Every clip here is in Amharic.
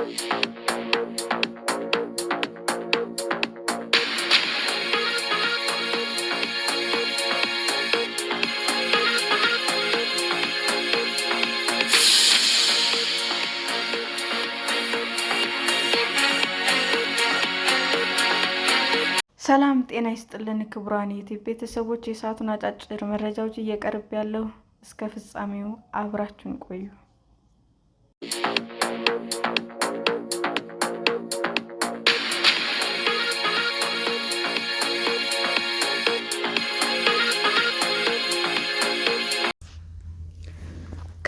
ሰላም ጤና ይስጥልን ክቡራን ዩቲዩብ ቤተሰቦች፣ የሰዓቱን አጫጭር መረጃዎች እየቀርብ ያለው እስከ ፍጻሜው አብራችን ቆዩ።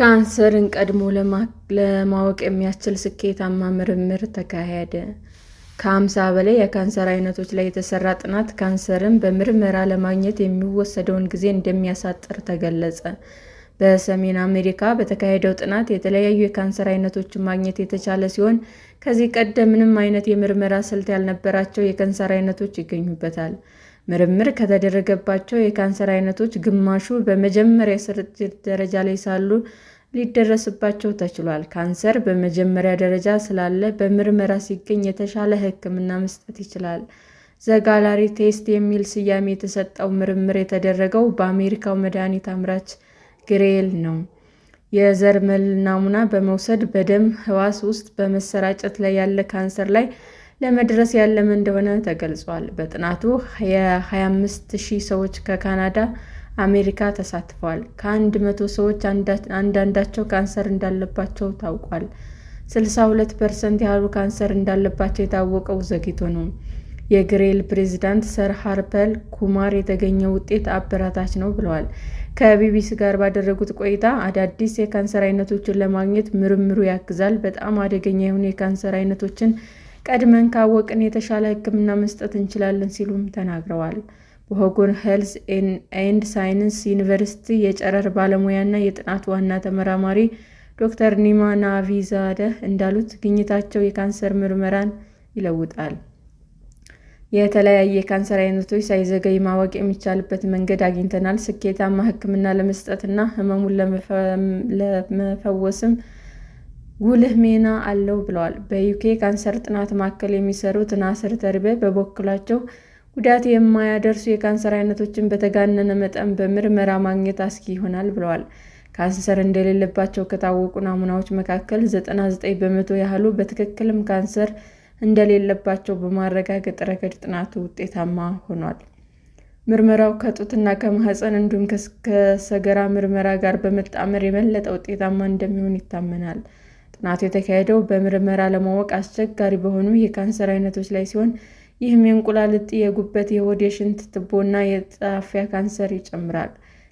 ካንሰርን ቀድሞ ለማወቅ የሚያስችል ስኬታማ ምርምር ተካሄደ። በላይ የካንሰር አይነቶች ላይ የተሰራ ጥናት ካንሰርን በምርመራ ለማግኘት የሚወሰደውን ጊዜ እንደሚያሳጥር ተገለጸ። በሰሜን አሜሪካ በተካሄደው ጥናት የተለያዩ የካንሰር አይነቶችን ማግኘት የተቻለ ሲሆን፣ ከዚህ ቀደም ምንም አይነት የምርመራ ስልት ያልነበራቸው የካንሰር አይነቶች ይገኙበታል። ምርምር ከተደረገባቸው የካንሰር አይነቶች ግማሹ በመጀመሪያ የስርጭት ደረጃ ላይ ሳሉ ሊደረስባቸው ተችሏል። ካንሰር በመጀመሪያ ደረጃ ስላለ በምርመራ ሲገኝ የተሻለ ሕክምና መስጠት ይችላል። ዘጋላሪ ቴስት የሚል ስያሜ የተሰጠው ምርምር የተደረገው በአሜሪካው መድኃኒት አምራች ግሬል ነው። የዘር ናሙና በመውሰድ በደም ህዋስ ውስጥ በመሰራጨት ላይ ያለ ካንሰር ላይ ለመድረስ ያለመ እንደሆነ ተገልጿል። በጥናቱ የ25,000 ሰዎች ከካናዳ አሜሪካ ተሳትፈዋል። ከአንድ መቶ ሰዎች አንዳንዳቸው ካንሰር እንዳለባቸው ታውቋል። 62 ፐርሰንት ያህሉ ካንሰር እንዳለባቸው የታወቀው ዘግይቶ ነው። የግሬል ፕሬዝዳንት ሰር ሃርፐል ኩማር የተገኘው ውጤት አበረታች ነው ብለዋል። ከቢቢሲ ጋር ባደረጉት ቆይታ አዳዲስ የካንሰር አይነቶችን ለማግኘት ምርምሩ ያግዛል። በጣም አደገኛ የሆኑ የካንሰር አይነቶችን ቀድመን ካወቅን የተሻለ ሕክምና መስጠት እንችላለን ሲሉም ተናግረዋል። ወሆጎን ሄልዝ ኤንድ ሳይንስ ዩኒቨርሲቲ የጨረር ባለሙያና የጥናት ዋና ተመራማሪ ዶክተር ኒማ ናቪዛደህ እንዳሉት ግኝታቸው የካንሰር ምርመራን ይለውጣል። የተለያየ የካንሰር አይነቶች ሳይዘገይ ማወቅ የሚቻልበት መንገድ አግኝተናል። ስኬታማ ሕክምና ለመስጠት እና ህመሙን ለመፈወስም ጉልህ ሚና አለው ብለዋል። በዩኬ ካንሰር ጥናት ማዕከል የሚሰሩት ናስር ተርቤ በበኩላቸው ጉዳት የማያደርሱ የካንሰር አይነቶችን በተጋነነ መጠን በምርመራ ማግኘት አስጊ ይሆናል ብለዋል። ካንሰር እንደሌለባቸው ከታወቁ ናሙናዎች መካከል 99 በመቶ ያህሉ በትክክልም ካንሰር እንደሌለባቸው በማረጋገጥ ረገድ ጥናቱ ውጤታማ ሆኗል። ምርመራው ከጡትና ከማህፀን እንዲሁም ከሰገራ ምርመራ ጋር በመጣመር የበለጠ ውጤታማ እንደሚሆን ይታመናል። ጥናቱ የተካሄደው በምርመራ ለማወቅ አስቸጋሪ በሆኑ የካንሰር አይነቶች ላይ ሲሆን ይህም የእንቁላልጥ የጉበት፣ የሆድ፣ የሽንት ትቦና የጣፊያ ካንሰር ይጨምራል።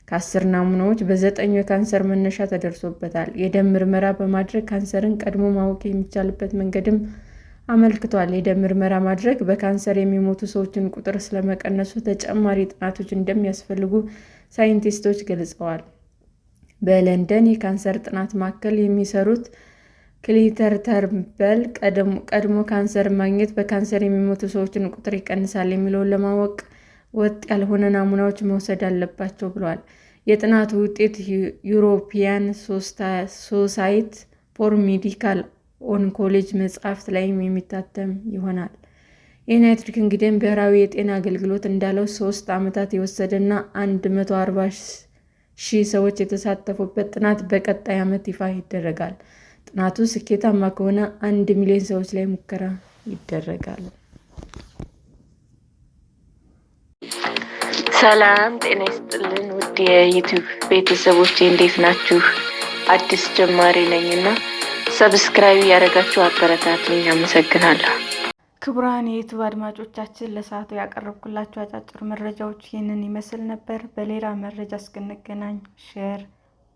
ከአስር ናሙናዎች በዘጠኙ የካንሰር መነሻ ተደርሶበታል። የደም ምርመራ በማድረግ ካንሰርን ቀድሞ ማወቅ የሚቻልበት መንገድም አመልክቷል። የደም ምርመራ ማድረግ በካንሰር የሚሞቱ ሰዎችን ቁጥር ስለመቀነሱ ተጨማሪ ጥናቶች እንደሚያስፈልጉ ሳይንቲስቶች ገልጸዋል። በለንደን የካንሰር ጥናት ማዕከል የሚሰሩት ክሊተርተርበል ቀድሞ ካንሰር ማግኘት በካንሰር የሚሞቱ ሰዎችን ቁጥር ይቀንሳል የሚለውን ለማወቅ ወጥ ያልሆነ ናሙናዎች መውሰድ አለባቸው ብለዋል። የጥናቱ ውጤት ዩሮፒያን ሶሳይቲ ፎር ሜዲካል ኦንኮሎጂ መጽሐፍት ላይም የሚታተም ይሆናል። የዩናይትድ ኪንግደም ብሔራዊ የጤና አገልግሎት እንዳለው ሶስት ዓመታት እና 140 ሺህ ሰዎች የተሳተፉበት ጥናት በቀጣይ ዓመት ይፋ ይደረጋል። ጥናቱ ስኬታማ ከሆነ አንድ ሚሊዮን ሰዎች ላይ ሙከራ ይደረጋል። ሰላም ጤና ይስጥልን ውድ የዩቱብ ቤተሰቦች እንዴት ናችሁ? አዲስ ጀማሪ ነኝ እና ሰብስክራይብ ያደረጋችሁ አበረታቱኝ። አመሰግናለሁ። ክቡራን የዩቱብ አድማጮቻችን ለሰዓቱ ያቀረብኩላችሁ አጫጭር መረጃዎች ይህንን ይመስል ነበር። በሌላ መረጃ እስክንገናኝ ሼር